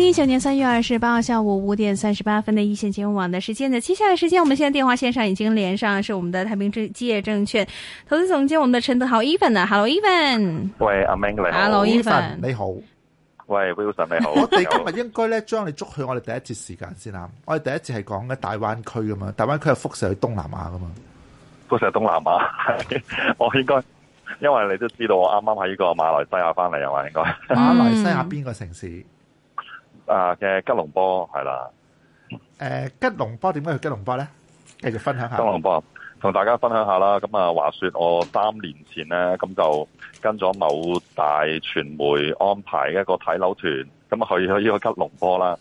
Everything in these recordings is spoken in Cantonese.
一九年三月二十八號下午五點三十八分的一線金融網的時間呢，接下來時間，我們現在電話線上已經連上，是我們的太平基業證券投資總監，我們的陳德豪，Even 啊，Hello，Even，喂，阿 Ming，Hello，Even，你好，喂,你好你好你好喂，Wilson，你好，我哋今日應該咧，將 你捉去我哋第一節時間先啦，我哋第一節係講嘅大灣區噶嘛，大灣區係輻射去東南亞噶嘛，輻射東南亞， 我應該，因為你都知道，我啱啱喺呢個馬來西亞翻嚟啊嘛，應該，馬來西亞邊個城市？啊嘅吉隆坡係啦，誒、呃、吉隆坡點解去吉隆坡咧？繼、就、續、是、分享下吉隆坡，同大家分享下啦。咁啊，話說我三年前咧，咁就跟咗某大傳媒安排一個睇樓團，咁啊去去呢個吉隆坡啦。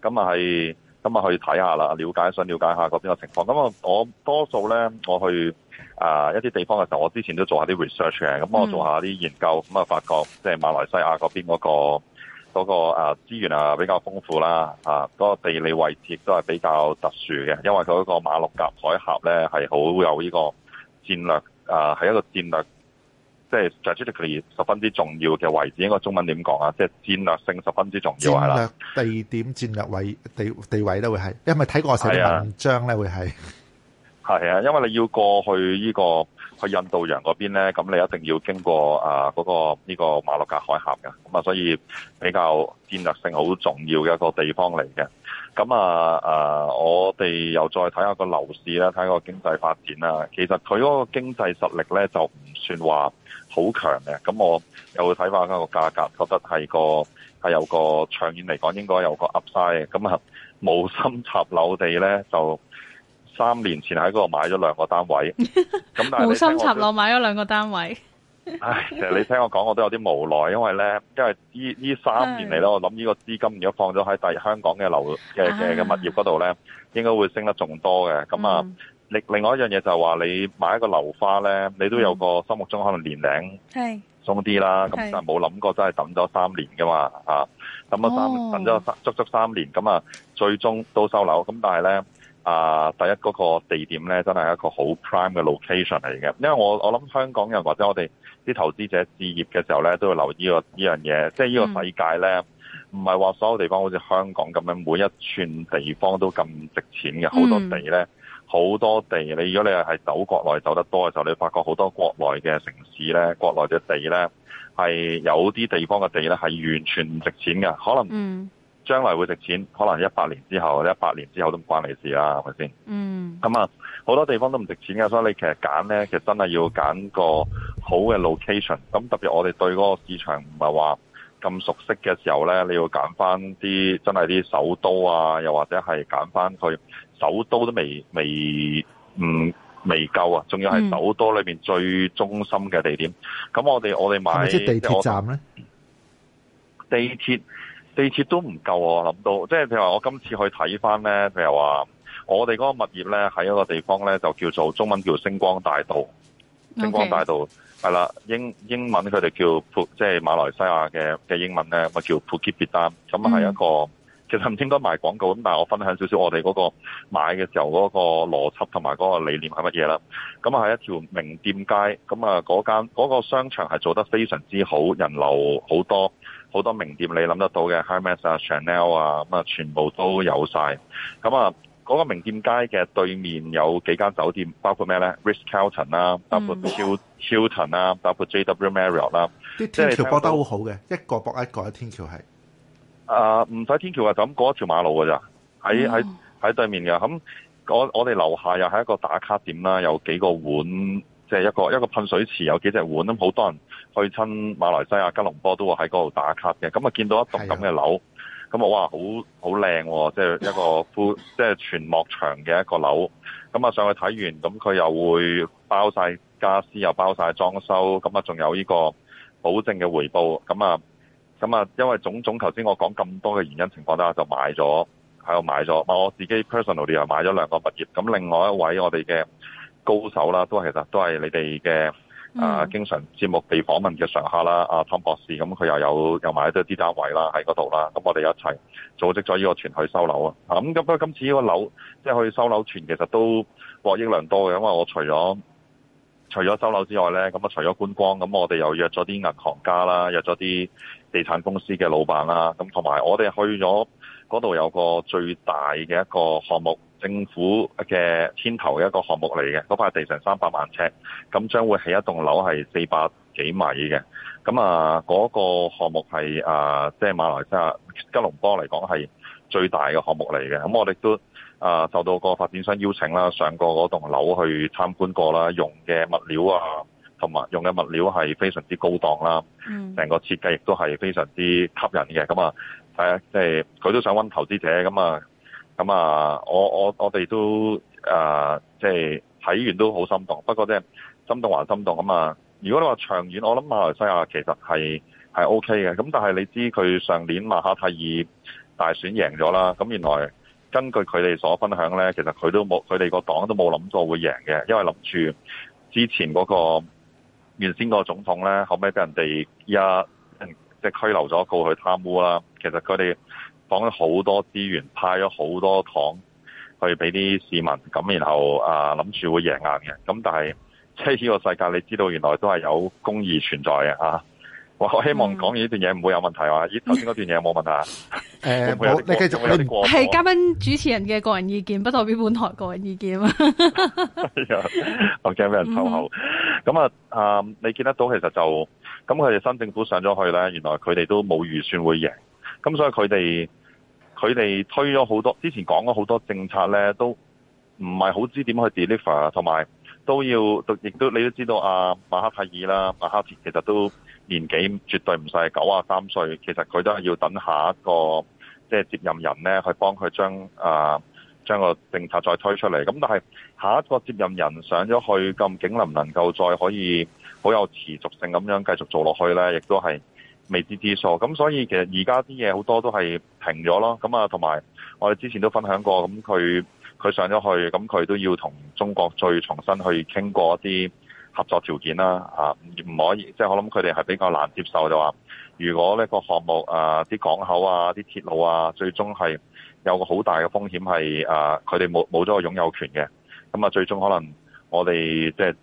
咁啊係，咁啊去睇下啦，了解想了解下嗰邊嘅情況。咁啊，我多數咧我去啊一啲地方嘅時候，我之前都做下啲 research 嘅，咁我做下啲研究，咁啊發覺即係馬來西亞嗰邊嗰個。嗰、那個誒資源啊比較豐富啦，吓、那、嗰個地理位置都係比較特殊嘅，因為佢嗰個馬六甲海峽咧係好有呢個戰略誒，係一個戰略，即、就、係、是、strategically 十分之重要嘅位置。應該中文點講啊？即、就、係、是、戰略性十分之重要係啦。戰略地點戰略位地地位都會係，因為睇過我寫嘅文章咧會係係啊，因為你要過去呢、這個。去印度洋嗰邊呢，咁你一定要經過誒嗰、啊那個呢、這個馬六甲海峽嘅，咁啊，所以比較戰略性好重要嘅一個地方嚟嘅。咁啊誒、啊，我哋又再睇下個樓市啦，睇下個經濟發展啦。其實佢嗰個經濟實力呢，就唔算話好強嘅。咁我又睇翻個價格，覺得係個係有個長遠嚟講應該有個 Upside 嘅。咁啊，冇心插柳地呢，就。三年前喺嗰度買咗兩個單位，冇 心插柳買咗兩個單位。 唉，其實你聽我講，我都有啲無奈，因為咧，因為呢三年嚟咯，我諗呢個資金如果放咗喺第香港嘅樓嘅嘅嘅物業嗰度咧，應該會升得仲多嘅。咁、嗯、啊，另另外一樣嘢就係話，你買一個樓花咧，你都有個、嗯、心目中可能年齡係鬆啲啦。咁就冇諗過真係等咗三年噶嘛嚇。咁啊等三、哦、等咗三足足三年，咁啊最終都收樓。咁但係咧。啊！第一嗰個地點咧，真係一個好 prime 嘅 location 嚟嘅。因為我我諗香港人或者我哋啲投資者置業嘅時候咧，都會留意依個依樣嘢。即係呢個世界咧，唔係話所有地方好似香港咁樣，每一寸地方都咁值錢嘅。好多地咧，嗯、好多地，你如果你係走國內走得多嘅時候，你會發覺好多國內嘅城市咧，國內嘅地咧，係有啲地方嘅地咧，係完全唔值錢嘅。可能嗯。將來會值錢，可能一百年之後，一百年之後都唔關你事啦，係咪先？嗯，咁啊，好多地方都唔值錢嘅，所以你其實揀咧，其實真係要揀個好嘅 location。咁特別我哋對嗰個市場唔係話咁熟悉嘅時候咧，你要揀翻啲真係啲首都啊，又或者係揀翻佢首都都未未唔未夠啊，仲要係首都裏面最中心嘅地點。咁、嗯、我哋我哋買係咪係地鐵即地鐵站咧，地鐵。地鐵都唔夠啊，我諗到，即係譬如話，我今次去睇翻咧，譬如話，我哋嗰個物業咧喺一個地方咧，就叫做中文叫星光大道，星光大道係啦，英英文佢哋叫普，即係馬來西亞嘅嘅英文咧，咪叫 Bukit Bintang 咁啊係一個、嗯，其實唔應該賣廣告，咁但係我分享少少我哋嗰個買嘅時候嗰個邏輯同埋嗰個理念係乜嘢啦？咁啊係一條名店街，咁啊嗰間嗰個商場係做得非常之好，人流好多。.好多名店你諗得到嘅 Hermès 啊、Chanel 啊，咁啊全部都有晒。咁啊，嗰、那個名店街嘅對面有幾間酒店，包括咩咧？Ritz-Carlton 啦、啊，包括 Hilton 啦、啊嗯，包括 JW Marriott 啦、啊。啲天橋博得好、就是、得好嘅，一個博一個喺、啊、天橋係。啊，唔使天橋啊，就咁過一條馬路噶咋？喺喺喺對面嘅，咁我我哋樓下又係一個打卡點啦，有幾個碗。即係一個一個噴水池有幾隻碗咁，好多人去親馬來西亞吉隆坡都會喺嗰度打卡嘅。咁啊，見到一棟咁嘅樓，咁、哎、我哇，好好靚喎！即係、哦就是、一個 full 即係全幕牆嘅一個樓。咁啊，上去睇完，咁佢又會包晒家私，又包晒裝修，咁啊，仲有呢個保證嘅回報。咁啊，咁啊，因為種種頭先我講咁多嘅原因情況底下，就買咗喺度買咗。我自己 personally 又買咗兩個物業。咁另外一位我哋嘅。高手啦，都係實，都係你哋嘅啊，經常節目被訪問嘅常客啦。阿、mm. 湯、啊、博士咁，佢又有又埋一啲啲單位啦喺嗰度啦。咁我哋一齊組織咗呢個團去收樓啊。咁咁今次呢個樓即係、就是、去收樓團，其實都獲益良多嘅。因為我除咗除咗收樓之外呢，咁啊除咗觀光，咁我哋又約咗啲銀行家啦，約咗啲地產公司嘅老闆啦。咁同埋我哋去咗嗰度有個最大嘅一個項目。政府嘅牽頭嘅一個項目嚟嘅，嗰塊地上三百萬尺，咁將會起一棟樓係四百幾米嘅，咁啊嗰個項目係啊即係馬來西亞吉隆坡嚟講係最大嘅項目嚟嘅，咁我哋都啊受到個發展商邀請啦，上過嗰棟樓去參觀過啦，用嘅物料啊同埋用嘅物料係非常之高檔啦，成個設計亦都係非常之吸引嘅，咁啊係啊即係佢都想搵投資者咁啊。咁啊，我我我哋都誒，即係睇完都好心動。不過即係心動還心動啊嘛！如果你話長遠，我諗馬來西亞其實係係 OK 嘅。咁但係你知佢上年馬哈蒂爾大選贏咗啦。咁原來根據佢哋所分享咧，其實佢都冇，佢哋個黨都冇諗過會贏嘅，因為諗住之前嗰個原先嗰個總統咧，後尾俾人哋而家即係拘留咗告佢貪污啦。其實佢哋。講咗好多資源，派咗好多糖去俾啲市民，咁然後啊，諗住會贏硬嘅，咁但係，即係呢個世界，你知道原來都係有公義存在嘅啊！我希望講完呢段嘢唔會有問題喎。咦、嗯，頭先嗰段嘢有冇問題啊？誒、嗯，冇、欸。你繼續，會會有你係、嗯、嘉賓主持人嘅個人意見，不代表本台個人意見啊嘛。我驚俾人偷口。咁、嗯、啊，啊，你見得到其實就咁，佢哋新政府上咗去咧，原來佢哋都冇預算會贏，咁所以佢哋。佢哋推咗好多，之前講咗好多政策咧，都唔係好知點去 deliver，同埋都要亦都你都知道阿、啊、馬克泰爾啦，馬克其實都年紀絕對唔細，九啊三歲，其實佢都係要等下一個即係接任人咧，去幫佢將啊將個政策再推出嚟。咁但係下一個接任人上咗去咁，究竟能唔能夠再可以好有持續性咁樣繼續做落去咧？亦都係。未知之數，咁所以其實而家啲嘢好多都係停咗咯，咁啊，同埋我哋之前都分享過，咁佢佢上咗去，咁佢都要同中國再重新去傾過一啲合作條件啦，唔可以，即係我諗佢哋係比較難接受就話，如果呢個項目啊，啲港口啊，啲鐵路啊，最終係有個好大嘅風險係啊，佢哋冇冇咗個擁有權嘅，咁啊，最終可能我哋即係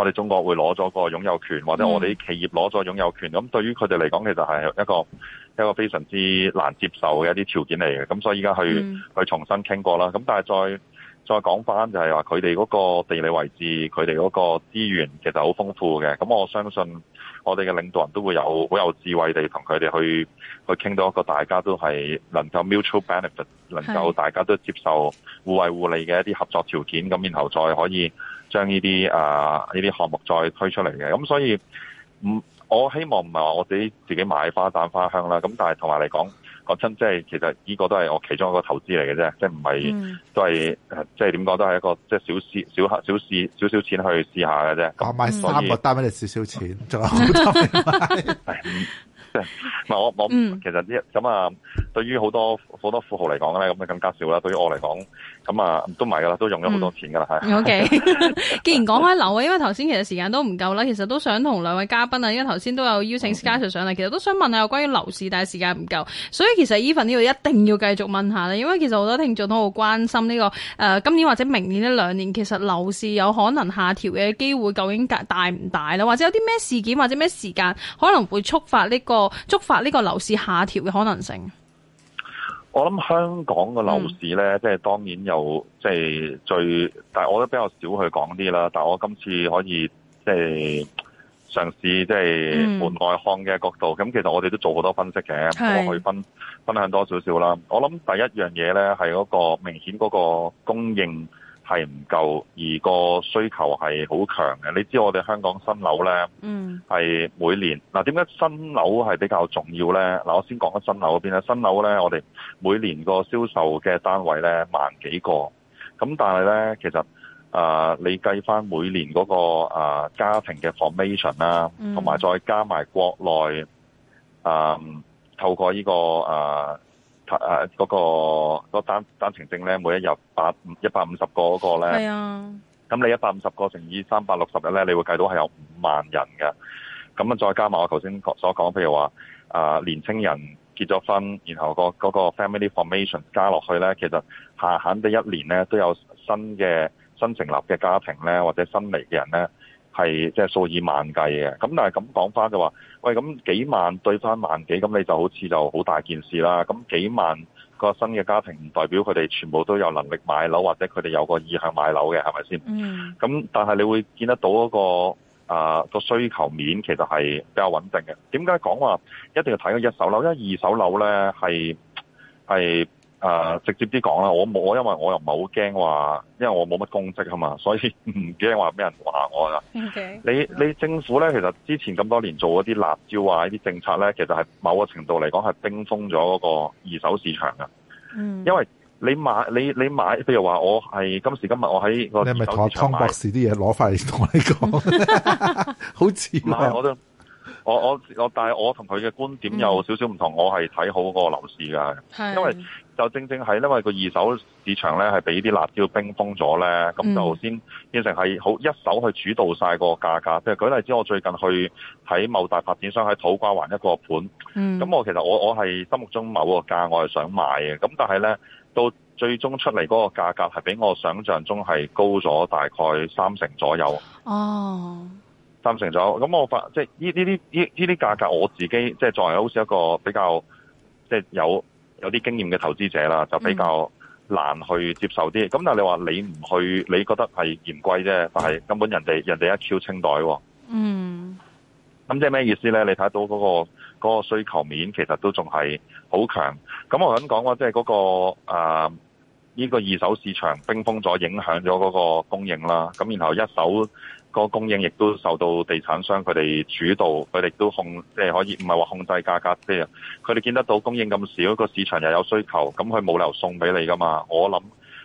我哋中國會攞咗個擁有權，或者我哋啲企業攞咗擁有權，咁、嗯、對於佢哋嚟講，其實係一個一個非常之難接受嘅一啲條件嚟嘅。咁所以依家去、嗯、去重新傾過啦。咁但係再。再講翻就係話佢哋嗰個地理位置，佢哋嗰個資源其實好豐富嘅。咁我相信我哋嘅領導人都會有好有智慧地同佢哋去去傾到一個大家都係能夠 mutual benefit，能夠大家都接受互惠互利嘅一啲合作條件，咁然後再可以將呢啲啊呢啲項目再推出嚟嘅。咁所以唔我希望唔係話我自己自己賣花讚花香啦。咁但係同埋嚟講。我真即係其實呢個都係我其中一個投資嚟嘅啫，即係唔係都係即係點講都係一個即係小試小小試少少錢去試下嘅啫。講埋三個單俾你少少錢，仲、嗯、有好多未 嗯、我我其實啲咁啊，對於好多好多富豪嚟講咧，咁咪更加少啦。對於我嚟講，咁啊都唔係噶啦，都用咗好多錢噶啦。係、o、okay, K， 既然講開樓啊，因為頭先其實時間都唔夠啦，其實都想同兩位嘉賓啊，因為頭先都有邀請 Sky 上嚟，其實都想問一下有關於樓市，但係時間唔夠，所以其實 Evan 呢度，一定要繼續問一下咧，因為其實好多聽眾都好關心呢、這個誒、呃，今年或者明年呢兩年，其實樓市有可能下調嘅機會，究竟大大大唔大咧？或者有啲咩事件或者咩時間可能會觸發呢、這個？觸發呢個樓市下調嘅可能性？我諗香港嘅樓市呢，嗯、即係當然有即係最，但係我都比較少去講啲啦。但係我今次可以即係嘗試即係門外看嘅角度。咁、嗯、其實我哋都做好多分析嘅，我去分分享多少少啦。我諗第一樣嘢呢，係嗰個明顯嗰個供應。係唔夠，而個需求係好強嘅。你知我哋香港新樓咧，係、mm. 每年嗱，點解新樓係比較重要咧？嗱，我先講緊新樓嗰邊。新樓咧，我哋每年個銷售嘅單位咧，萬幾個，咁但係咧，其實啊，你計翻每年嗰、嗰個、啊、家庭嘅 formation 啦、啊，同埋再加埋國內啊透過呢、呢個啊。誒、啊、嗰、嗰個、嗰個、單，單程證咧，每一日百一百五十個嗰個咧，啊，咁你一百五十個乘以三百六十日咧，你會計到係有五萬人嘅。咁啊，再加埋我頭先所講，譬如話誒年青人結咗婚，然後嗰、嗰個嗰個 family formation 加落去咧，其實閒閒哋都一年咧都有新嘅新成立嘅家庭咧，或者新嚟嘅人咧。係即係數以萬計嘅，咁但係咁講翻就話，喂咁幾萬對翻萬幾，咁你就好似就好大件事啦。咁幾萬個新嘅家庭，唔代表佢哋全部都有能力買樓，或者佢哋有個意向買樓嘅，係咪先？嗯。咁但係你會見得到嗰個啊個需求面其實係比較穩定嘅。點解講話一定要睇個一手樓，因為二手樓咧係係。誒、呃、直接啲講啦，我冇我因為我又唔係好驚話，因為我冇乜公職啊嘛，所以唔驚話咩人話我啦。Okay. 你你政府咧，其實之前咁多年做嗰啲辣椒啊呢啲政策咧，其實係某個程度嚟講係冰封咗嗰個二手市場㗎。嗯，因為你買你你買，譬如話我係今時今日我喺個二手市場買，你係咪同阿湯博士啲嘢攞翻嚟同你講？ 好似唔係我都。我我我，但係我同佢嘅觀點有少少唔同，嗯、我係睇好個樓市㗎。因為就正正係因為個二手市場咧係俾啲辣椒冰封咗咧，咁、嗯、就先變成係好一手去主導晒個價格。即係舉例之，我最近去喺某大發展商喺土瓜灣一個盤，咁、嗯、我其實我我係心目中某個價，我係想買嘅。咁但係咧，到最終出嚟嗰個價格係比我想象中係高咗大概三成左右。哦。三成咗，咁我發即係呢啲啲呢呢啲價格，我自己即係、就是、作為好似一個比較即係、就是、有有啲經驗嘅投資者啦，就比較難去接受啲。咁、嗯、但係你話你唔去，你覺得係嫌貴啫，但係根本人哋人哋一 Q 清袋喎、哦。嗯。咁即係咩意思咧？你睇到嗰、那個嗰、那個需求面其實都仲係好強。咁我咁講話，即係嗰個呢、啊這個二手市場冰封咗，影響咗嗰個供應啦。咁然後一手，個供應亦都受到地產商佢哋主導，佢哋都控，即係可以唔係話控制價格，即佢哋見得到供應咁少，個市場又有需求，咁佢冇理由送俾你噶嘛。我諗，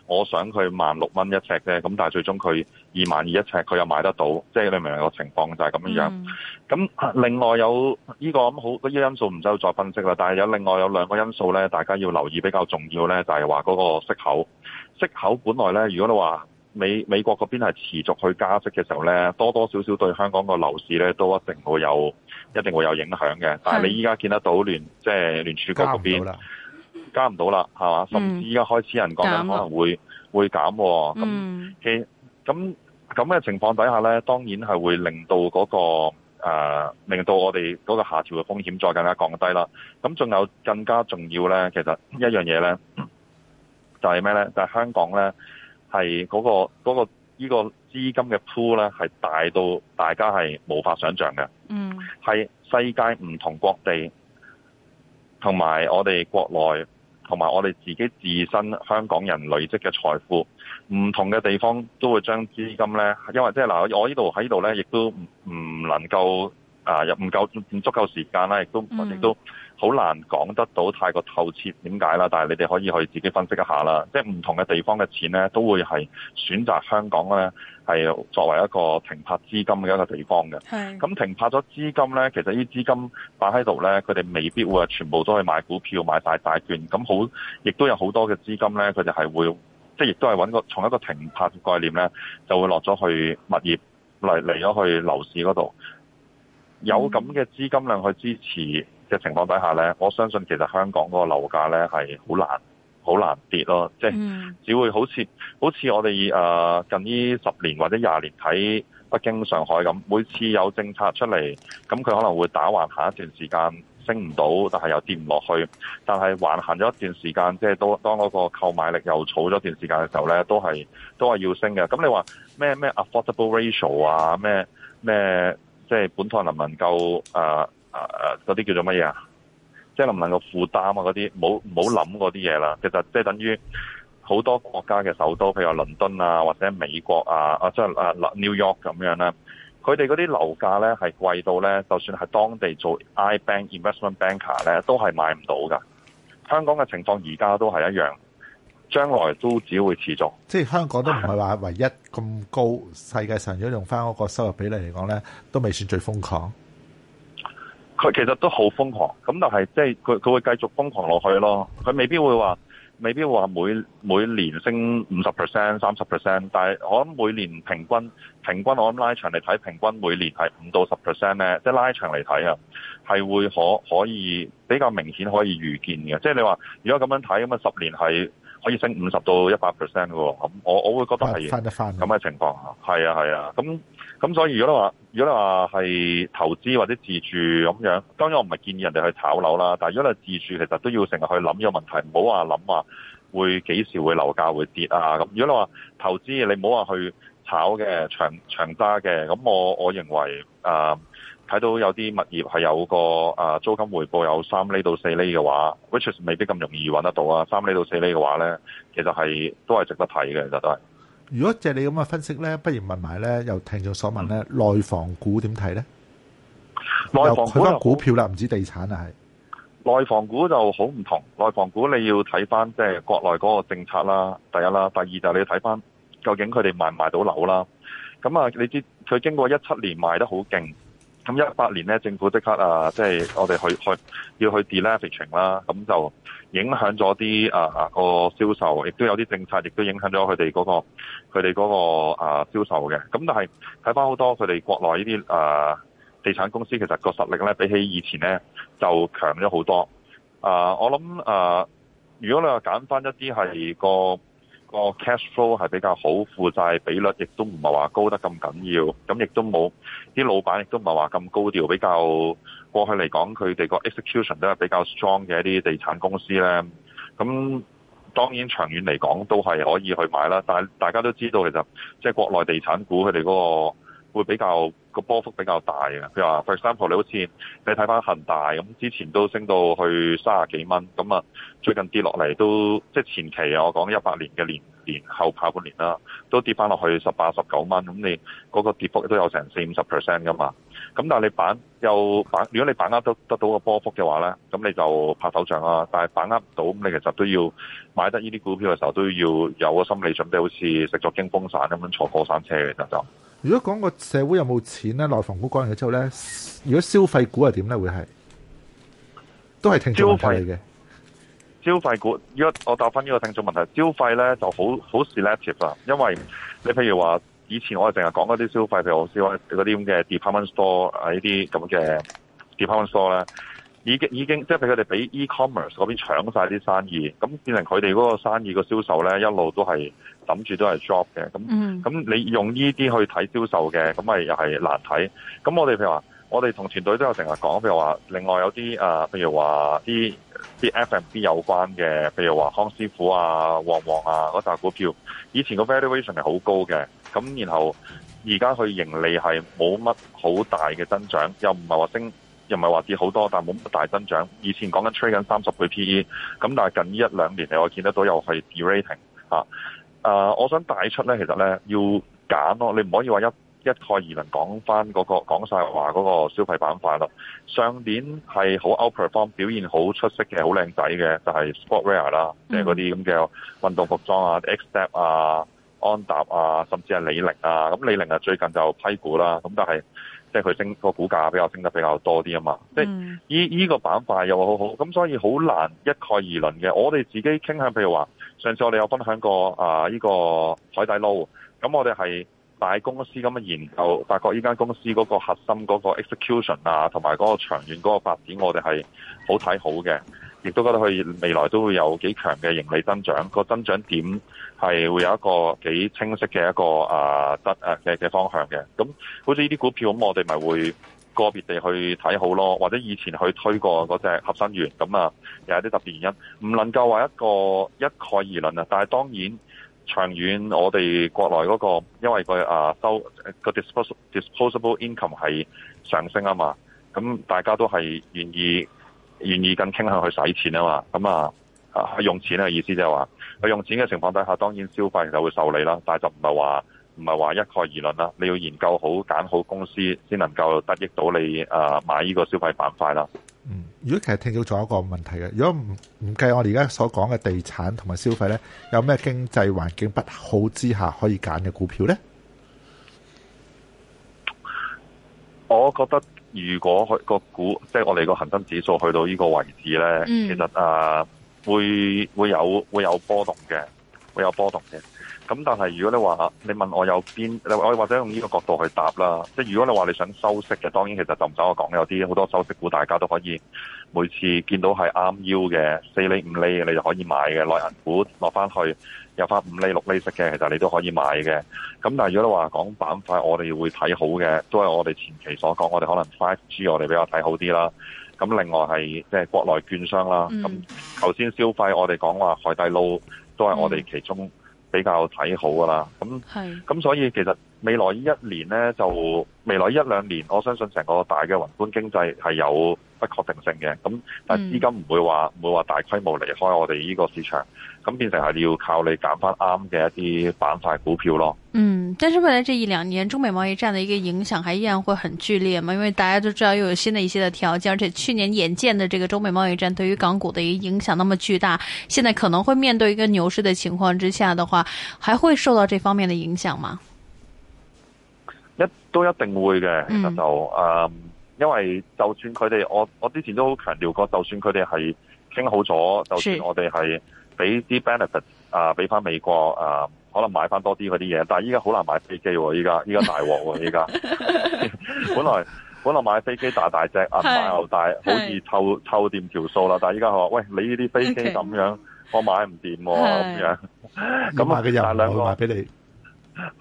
我想佢萬六蚊一尺啫，咁但係最終佢二萬二一尺，佢又買得到，即係你明唔明個情況就係咁樣樣。咁另外有呢個咁好呢啲因素唔使再分析啦。但係有另外有兩個因素咧，大家要留意比較重要咧，就係話嗰個息口。息口本來咧，如果你話，美美國嗰邊係持續去加息嘅時候咧，多多少少對香港個樓市咧都一定會有一定會有影響嘅。但係你依家見得到聯是即係聯儲局嗰邊加唔到啦，係嘛、嗯？甚至依家開始人講緊可能會會減。咁、哦，咁咁嘅情況底下咧，當然係會令到嗰、嗰個、呃、令到我哋嗰個下調嘅風險再更加降低啦。咁仲有更加重要咧，其實一樣嘢咧就係咩咧？就係、就係、香港咧。係嗰、嗰個呢、嗰個依個資金嘅 pool 呢，咧，係大到大家係無法想像嘅。嗯，係世界唔同各地，同埋我哋國內，同埋我哋自己自身香港人累積嘅財富，唔同嘅地方都會將資金咧，因為即係嗱，我呢度喺度咧，亦都唔能夠。啊！又唔夠唔足夠時間啦，亦都我哋、mm. 都好難講得到太過透徹點解啦。但係你哋可以去自己分析一下啦。即係唔同嘅地方嘅錢咧，都會係選擇香港咧係作為一個停泊資金嘅一個地方嘅。係。咁停泊咗資金咧，其實啲資金擺喺度咧，佢哋未必會係全部都去買股票、買大債券。咁好，亦都有好多嘅資金咧，佢哋係會即係亦都係搵個從一個停泊概念咧，就會落咗去物業嚟嚟咗去樓市嗰度。有咁嘅資金量去支持嘅情況底下呢，我相信其實香港個樓價呢係好難好難跌咯，即係只會好似好似我哋誒近呢十年或者廿年喺北京、上海咁，每次有政策出嚟，咁佢可能會打橫行一段時間升唔到，但係又跌唔落去，但係橫行咗一段時間，即係當當嗰個購買力又儲咗一段時間嘅時候呢，都係都係要升嘅。咁你話咩咩 affordable ratio 啊，咩咩？即係本土能唔能夠啊啊啊嗰啲叫做乜嘢啊？即係能唔能夠負擔啊？嗰啲冇冇諗嗰啲嘢啦。其實即係等於好多國家嘅首都，譬如話倫敦啊，或者美國啊，啊即係啊 New York 咁樣咧，佢哋嗰啲樓價咧係貴到咧，就算係當地做 I bank investment banker 咧，都係買唔到噶。香港嘅情況而家都係一樣。將來都只會持續，即係香港都唔係話唯一咁高。世界上如果用返嗰個收入比例嚟講咧，都未算最瘋狂。佢其實都好瘋狂，咁就係即係佢佢會繼續瘋狂落去咯。佢未必會話，未必會話每每年升五十 percent、三十 percent，但係我諗每年平均平均，我諗拉長嚟睇，平均每年係五到十 percent 咧，即係拉長嚟睇啊，係會可可以比較明顯可以預見嘅。即係你話如果咁樣睇咁啊，十年係，可以升五十到一百 percent 㗎喎，咁我我會覺得係咁嘅情況下，係啊係啊，咁咁、啊啊、所以如果你話，如果你話係投資或者自住咁樣，當然我唔係建議人哋去炒樓啦，但係如果你自住，其實都要成日去諗個問題，唔好話諗話會幾時會樓價會跌啊咁。如果你話投資，你唔好話去炒嘅長長揸嘅，咁我我認為啊。呃睇到有啲物業係有個啊租金回報有三厘到四厘嘅話，which is 未必咁容易揾得到啊。三厘到四厘嘅話咧，其實係都係值得睇嘅，其實都係。如果借你咁嘅分析咧，不如問埋咧，又聽咗所問咧，內房股點睇咧？內房股股票啦，唔知地產啊，係內房股就好唔同。內房股你要睇翻即係國內嗰個政策啦，第一啦，第二就你睇翻究竟佢哋賣唔賣到樓啦。咁啊，你知佢經過一七年賣得好勁。咁一八年咧，政府即刻啊，即係我哋去去要去 delevering 啦、啊，咁就影響咗啲啊啊個銷售，亦都有啲政策，亦都影響咗佢哋嗰個佢哋嗰個啊銷售嘅。咁但係睇翻好多佢哋國內呢啲啊地產公司，其實個實力咧比起以前咧就強咗好多啊。我諗啊，如果你話揀翻一啲係個。個 cash flow 係比較好，負債比率亦都唔係話高得咁緊要，咁亦都冇啲老闆亦都唔係話咁高調，比較過去嚟講佢哋個 execution 都係比較 strong 嘅一啲地產公司咧。咁當然長遠嚟講都係可以去買啦，但係大家都知道其實即係、就是、國內地產股佢哋嗰個會比較。個波幅比較大嘅，譬如話，for example，你好似你睇翻恒大咁，之前都升到去三十幾蚊，咁啊最近跌落嚟都即係前期啊，我講一百年嘅年年後下半年啦，都跌翻落去十八、十九蚊，咁你嗰個跌幅都有成四五十 percent 噶嘛。咁但係你把握又把握，如果你把握得得到個波幅嘅話呢，咁你就拍手掌啦。但係把握唔到，咁你其實都要買得呢啲股票嘅時候都要有個心理準備，好似食咗驚風散咁樣坐過山車嘅就就。如果講個社會有冇錢咧，內房股講完之後咧，如果消費股係點咧？會係都係聽眾問題嘅。消費股，如果我答翻呢個聽眾問題，消費咧就好好 selective 啦，因為你譬如話，以前我哋淨係講嗰啲消費，譬如我試話嗰啲咁嘅 department store 啊，呢啲咁嘅 department store 咧，已經已經即係俾佢哋俾 e-commerce 嗰邊搶曬啲生意，咁變成佢哋嗰個生意個銷售咧一路都係。諗住都係 shop 嘅，咁咁你用呢啲去睇銷售嘅，咁咪又係難睇。咁我哋譬如話，我哋同團隊都有成日講，譬如話，另外有啲誒，譬如話啲啲 F＆B 有關嘅，譬如話康師傅啊、旺旺啊嗰扎股票，以前個 valuation 係好高嘅，咁然後而家去盈利係冇乜好大嘅增長，又唔係話升，又唔係話跌好多，但係冇乜大增長。以前講緊 trade 緊三十倍 PE，咁但係近呢一兩年你我見得到又係 derating 吓。啊、uh，我想帶出咧，其實咧要揀咯，你唔可以話一一概而論講翻嗰個講曬話嗰個消費板塊咯。上年係好 outperform 表現好出色嘅好靚仔嘅，就係、是、sportwear 啦，即係嗰啲咁嘅運動服裝啊，mm. 啊，Xtep 啊，安踏啊，甚至係李寧啊。咁、嗯、李寧啊最近就批股啦，咁但係即係佢升個股價比較升得比較多啲啊嘛。即係依依個板塊又話好好，咁所以好難一概而論嘅。我哋自己傾下，譬如話。上次我哋有分享過啊，呢個海底撈。咁我哋係大公司咁樣研究，發覺呢間公司嗰個核心嗰個 execution 啊，同埋嗰個長遠嗰個發展，我哋係好睇好嘅。亦都覺得佢未來都會有幾強嘅盈利增長，個增長點係會有一個幾清晰嘅一個啊得啊嘅嘅方向嘅。咁好似呢啲股票咁，我哋咪會。個別地去睇好咯，或者以前去推過嗰隻合生元咁啊，又有啲特別原因，唔能夠話一個一概而論啊。但係當然長遠，我哋國內嗰個因為個啊收 disposable disposable income 係上升啊嘛，咁大家都係願意願意更傾向去使錢啊嘛，咁啊啊用錢啊意思就係話，佢用錢嘅情況底下，當然消費就會受利啦，但係就唔係話。唔係話一概而論啦，你要研究好揀好公司，先能夠得益到你誒買呢個消費板塊啦。嗯，如果其實聽到仲有一個問題嘅，如果唔唔計我哋而家所講嘅地產同埋消費咧，有咩經濟環境不好之下可以揀嘅股票咧？我覺得如果去個股，即係我哋個恒生指數去到呢個位置咧，嗯，其實啊會會有會有波動嘅。會有波動嘅，咁但係如果你話你問我有邊，我或者用呢個角度去答啦。即係如果你話你想收息嘅，當然其實就唔使我講有啲好多收息股，大家都可以每次見到係啱腰嘅四厘、五厘嘅你就可以買嘅內銀股落翻去有翻五厘、六厘息嘅，其實你都可以買嘅。咁但係如果你話講板塊，我哋會睇好嘅，都係我哋前期所講，我哋可能 five G 我哋比較睇好啲啦。咁另外係即係國內券商啦。咁頭先消費我哋講話海底撈。都係我哋其中比較睇好噶啦，咁係咁所以其實未來一年呢，就未來一兩年，我相信成個大嘅宏觀經濟係有確定性嘅咁，但係資金唔會話唔、嗯、會話大規模離開我哋呢個市場，咁變成係要靠你揀翻啱嘅一啲板塊股票咯。嗯，但是未來這一兩年中美貿易戰的一個影響，還依然會很劇烈嘛？因為大家都知道又有新的一些的條件，而且去年眼見的這個中美貿易戰對於港股的一個影響那麼巨大，現在可能會面對一個牛市的情況之下的話，還會受到這方面的影響嗎？一都一定會嘅，其實就、嗯嗯因為就算佢哋，我我之前都好強調過，就算佢哋係傾好咗，就算我哋係俾啲 benefit 啊，俾翻美國啊，可能買翻多啲嗰啲嘢，但係依家好難買飛機喎、啊，依家依家大鑊喎，依家、啊、 本來本來買飛機大大隻啊，買大，好似湊湊掂條數啦，但係依家話喂，你呢啲飛機咁樣，okay。我買唔掂咁樣，咁啊，大兩個賣俾你，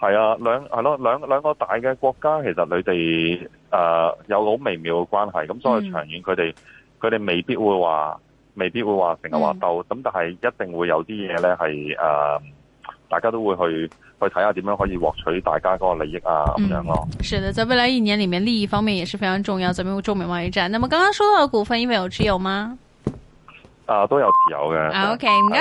係啊，兩係咯，兩兩個大嘅國家，其實你哋。誒、uh,，有好微妙嘅關係，咁所以長遠佢哋佢哋未必會話，未必會話成日話鬥，咁、嗯、但係一定會有啲嘢咧係誒，uh, 大家都會去去睇下點樣可以獲取大家嗰個利益啊咁、嗯、樣咯。是的，在未來一年裏面，利益方面也是非常重要。怎麼樣中美貿易戰？那麼剛剛說到嘅股份，因為有持有嗎？啊、uh,，都有持有嘅。Uh, OK。